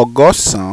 ọgọ́sàn-án